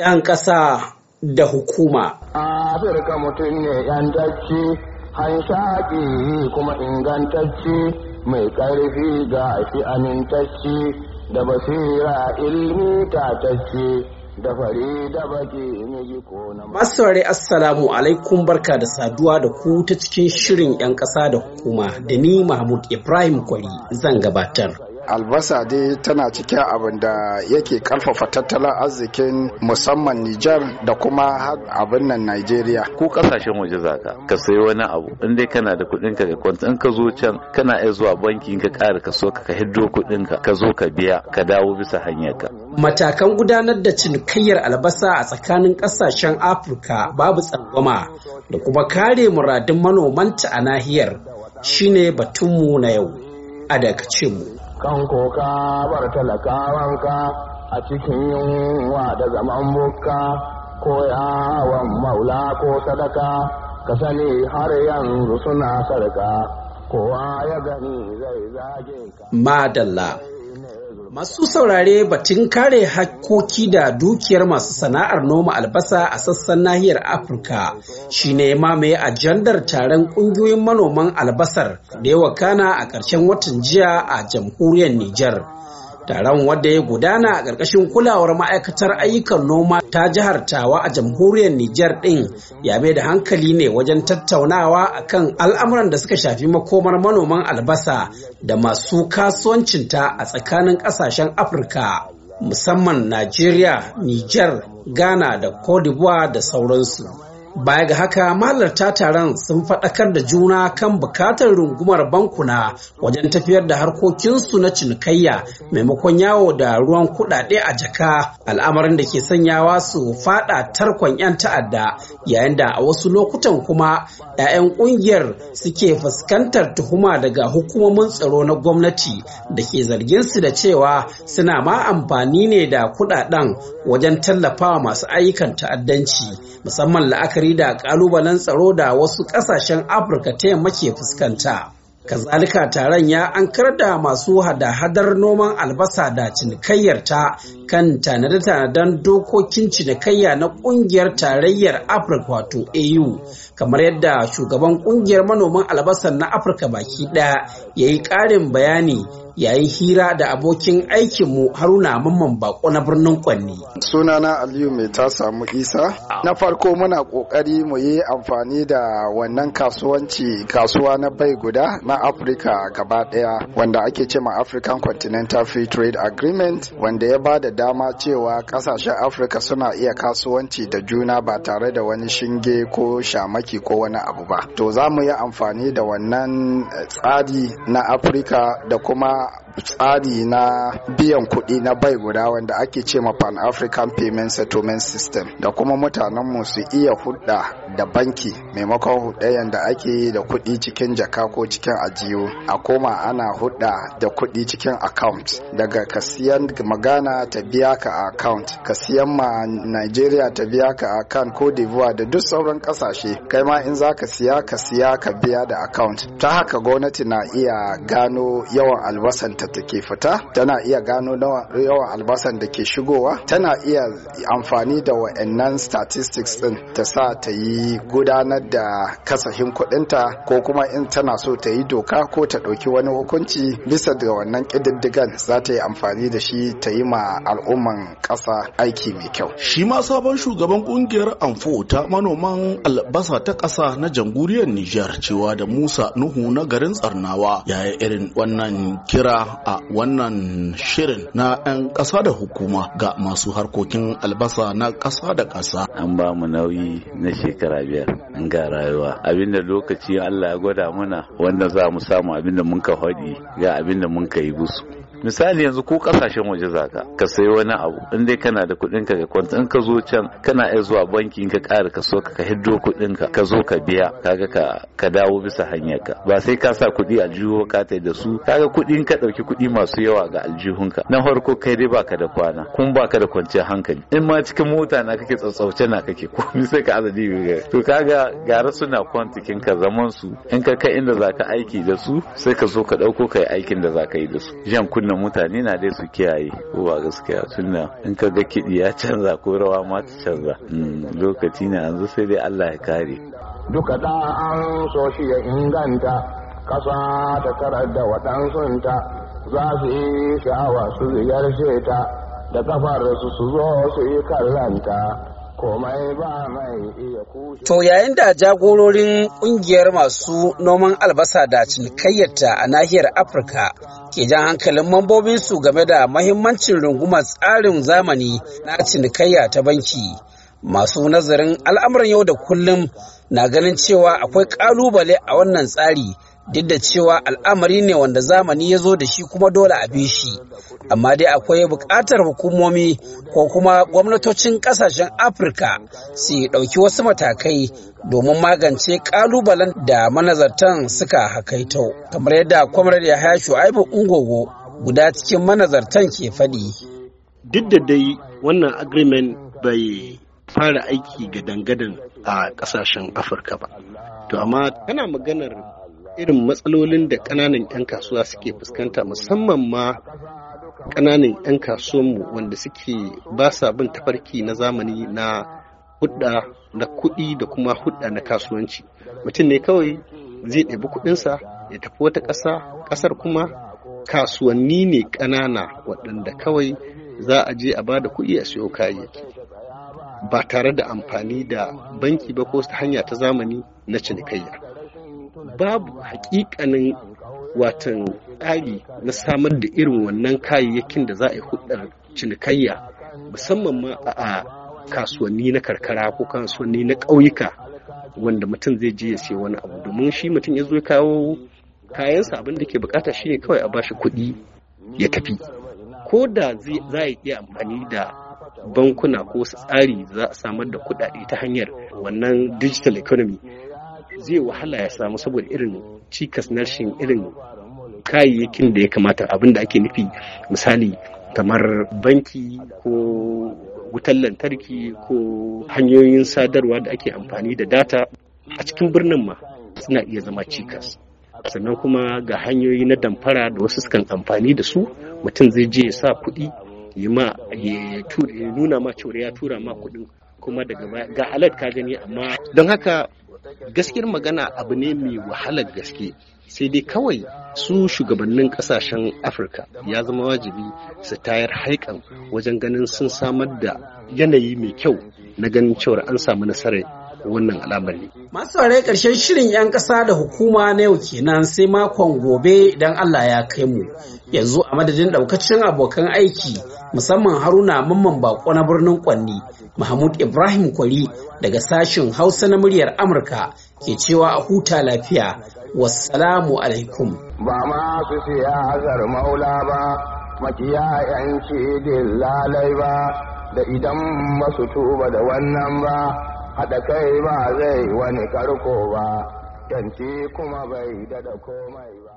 'yan ƙasa da hukuma. Afirka mutum ne 'yantacci, hanshaƙi kuma ingantacci mai ƙarfi ga shi amintacci da basira ilmi tatacci. Da fari da baki ne ko Assalamu alaikum barka da saduwa da ku ta cikin shirin 'yan ƙasa da hukuma da ni Mahmud Ibrahim Kwari zan gabatar. albasa dai tana cikin abin da yake karfafa tattalin arzikin musamman Nijar da kuma abin nan Najeriya. Ko kasashen waje zaka ka sayi wani abu in dai kana da kuɗin ka kwanta in ka zo can kana iya zuwa banki ka ƙara kaso ka hiddo kuɗin ka ka zo ka biya ka dawo bisa hanyar ka. Matakan gudanar da cinikayyar albasa a tsakanin ƙasashen Afirka babu tsangwama da kuma kare muradun manomanta a nahiyar shine batunmu na yau. A daga mu. kan koka bar talakawanka a cikin yunwa da zaman bukka ko yawon maula ko sadaka ka sani har yanzu suna sarka kowa ya gani zai zage ka. Madalla Masu saurare batun kare hakkoki da dukiyar masu sana'ar noma albasa a sassan nahiyar Afirka shi ne mamaye ajandar taron ƙungiyoyin manoman albasar da ya wakana a ƙarshen watan jiya a jamhuriyar Nijar. Taron wanda ya gudana a ƙarƙashin kulawar ma'aikatar ayyukan noma ta jihar Tawa a jamhuriyar Nijar ɗin ya mai da hankali ne wajen tattaunawa akan al'amuran da suka shafi makomar manoman albasa da masu kasuwancinta a tsakanin ƙasashen Afirka. Musamman Najeriya, Nijar, Ghana da Cote d'Ivoire da sauransu. Baya ga haka malarta taron sun faɗakar da juna kan bukatar rungumar bankuna wajen tafiyar da harkokinsu na cinikayya maimakon yawo da ruwan kuɗaɗe a jaka al'amarin da ke sanyawa su faɗa tarkon 'yan ta'adda yayin da a wasu lokutan kuma 'ya'yan ƙungiyar suke fuskantar tuhuma daga hukumomin tsaro na gwamnati da ke zargin su da cewa suna ma amfani ne da kuɗaɗen wajen tallafawa masu ayyukan ta'addanci musamman la'akari la'akari da kalubalen tsaro da wasu kasashen afirka ta yamma ke fuskanta kazalika taron ya ankar da masu hada-hadar noman albasa da cinikayyar ta kan tanade-tanaden dokokin cinikayya na kungiyar tarayyar afirka wato au kamar yadda shugaban kungiyar manoman albasa na afirka baki daya ya yi karin bayani yayin hira da abokin aikinmu haruna mamman bako na birnin kwanni sunana aliyu mai ta samu isa na farko muna kokari mu yi amfani da wannan kasuwanci kasuwa na bai guda na afirka gaba daya wanda ake ce ma african continental free trade agreement wanda ya ba da dama cewa kasashen afirka suna iya kasuwanci da juna ba tare da wani shinge ko shamaki ko wani abu ba to za mu yi amfani da wannan eh, tsari na afirka da kuma uh, tsari na biyan kuɗi na bai guda wanda ake ce ma pan african payment settlement system da kuma mutanen mu su iya hudda da banki maimakon hudayyan da ake yi da kuɗi cikin jaka ko cikin ajiyu a koma ana hudda da kuɗi cikin account daga ka magana ta biya ka account ka siyan ma nigeria ta biya ka account ko divuwa da duk sauran kasashe kai ma in za ka siya ka siya ka biya da account ta haka gwamnati na iya gano yawan albasanta albasa take fita tana iya gano yawan albasan da ke shigowa tana iya amfani da wa'annan statistics din ta sa ta yi gudanar da kasafin kudinta, ko kuma in tana so ta yi doka ko ta ɗauki wani hukunci bisa da wannan kididdigan za ta yi amfani da shi ta yi ma al'umman ƙasa aiki mai kyau. Shi ma sabon shugaban ƙungiyar Amfo ta manoman albasa ta ƙasa na jamhuriyar Nijar cewa da Musa Nuhu na garin Tsarnawa yayi irin wannan kira a wannan shirin na 'yan ƙasa da hukuma ga masu harkokin albasa na ƙasa da ƙasa. An ba mu nauyi na shekara biyar an ga rayuwa. Abinda lokaci Allah ya gwada mana wanda za mu samu abinda mun ka faɗi ga abinda mun ka yi busu. misali yanzu ko kasashen waje zaka ka sayi wani abu in dai kana da kuɗin ka ga kwanta in ka zo can kana iya zuwa banki ka ƙara ka so ka hiddo kuɗin ka ka zo ka biya kaga ka ka dawo bisa hanyar ka ba sai ka sa kuɗi aljihu ka tai da su kaga kuɗin ka ɗauki kuɗi masu yawa ga aljihunka na farko kai dai baka da kwana kuma baka da kwanciyar hankali in ma cikin mota na kake tsautsauce na kake mi sai ka azadi ga to kaga gara suna kwantikin ka zaman su in ka kai inda zaka aiki da su sai ka zo ka ɗauko kai aikin da zaka yi da su jan kunnen wannan mutane na dai su kiyaye ko ba gaskiya tunda in ka ga kiɗi ya canza ko rawa ma ta canza hmm, lokaci ne yanzu sai dai Allah ya kare duka da an so shi ya inganta kasa ta karar da waɗansunta za su yi sha'awa su ziyarce ta da kafar su su zo su yi kallanta To yayin da jagororin kungiyar masu noman albasa da cinikayyarta a nahiyar Afirka ke jan hankalin mambobinsu game da mahimmancin rungumar tsarin zamani na cinikayya ta banki. Masu nazarin al'amuran yau da kullum na ganin cewa akwai ƙalubale a wannan tsari duk da cewa al'amari ne wanda zamani ya zo da shi kuma dole a bi shi amma dai akwai buƙatar hukumomi ko kuma gwamnatocin ƙasashen afirka su ɗauki wasu matakai domin magance ƙalubalen da manazartan suka hakaito kamar yadda kwamrar ya haya shu'aibu ungogo guda cikin manazartan ke faɗi duk da dai wannan agreement bai fara aiki ga dangadan a ƙasashen afirka ba to amma kana maganar irin matsalolin da ƙananan 'yan kasuwa suke fuskanta musamman ma ƙananan 'yan kasuwanmu wanda suke ba sa bin tafarki na zamani na hudda na kuɗi da kuma hudda na kasuwanci mutum ne kawai zai ɗabi kuɗinsa ya tafi wata ƙasa ƙasar kuma kasuwanni ne ƙanana waɗanda kawai za a je a ba da kuɗi a siyo kayayyaki ba tare da amfani da banki ba ko hanya ta zamani na cinikayya babu hakikanin watan tsari na samar da irin wannan kayayyakin da za a yi hudar cinikayya musamman ma a kasuwanni na karkara ko kasuwanni na ƙauyuka wanda mutum zai je ya siya wani abu domin shi mutum ya zo kawo kayansa abin da ke bukata ne kawai a bashi kuɗi ya tafi ko da za a iya amfani da bankuna ko wasu tsari za a samar da kuɗaɗe ta hanyar wannan digital economy zai wahala ya samu saboda irin cikas na rashin irin kayayyakin da ya kamata abin da ake nufi misali kamar banki ko wutar lantarki ko hanyoyin sadarwa da ake amfani da data a cikin birnin ma suna iya zama cikas sannan kuma ga hanyoyi na damfara da wasu sukan amfani da su mutum zai je ya sa kuɗi ya nuna ma cewa ya tura ma kuɗin kuma daga ga alad ka gani amma don haka gaskiyar magana abu ne mai wahalar gaske sai dai kawai su shugabannin kasashen afirka ya zama wajibi su tayar haikan wajen ganin sun samar da yanayi mai kyau na ganin cewar an samu nasarar wannan al'amari. Masu ware ƙarshen shirin 'yan ƙasa da hukuma na yau kenan sai makon gobe idan Allah ya kai mu. Yanzu a madadin ɗaukacin abokan aiki musamman Haruna Mamman Bako na birnin Kwanni, Mahmud Ibrahim Kwari daga sashen Hausa na muryar Amurka ke cewa a huta lafiya. Wassalamu alaikum. Ba ma su siyasar maula ba, makiya 'yanci dillalai ba, da idan ba su tuba da wannan ba. haɗa kai ba zai wani karko ba, yanci kuma bai dada komai ba.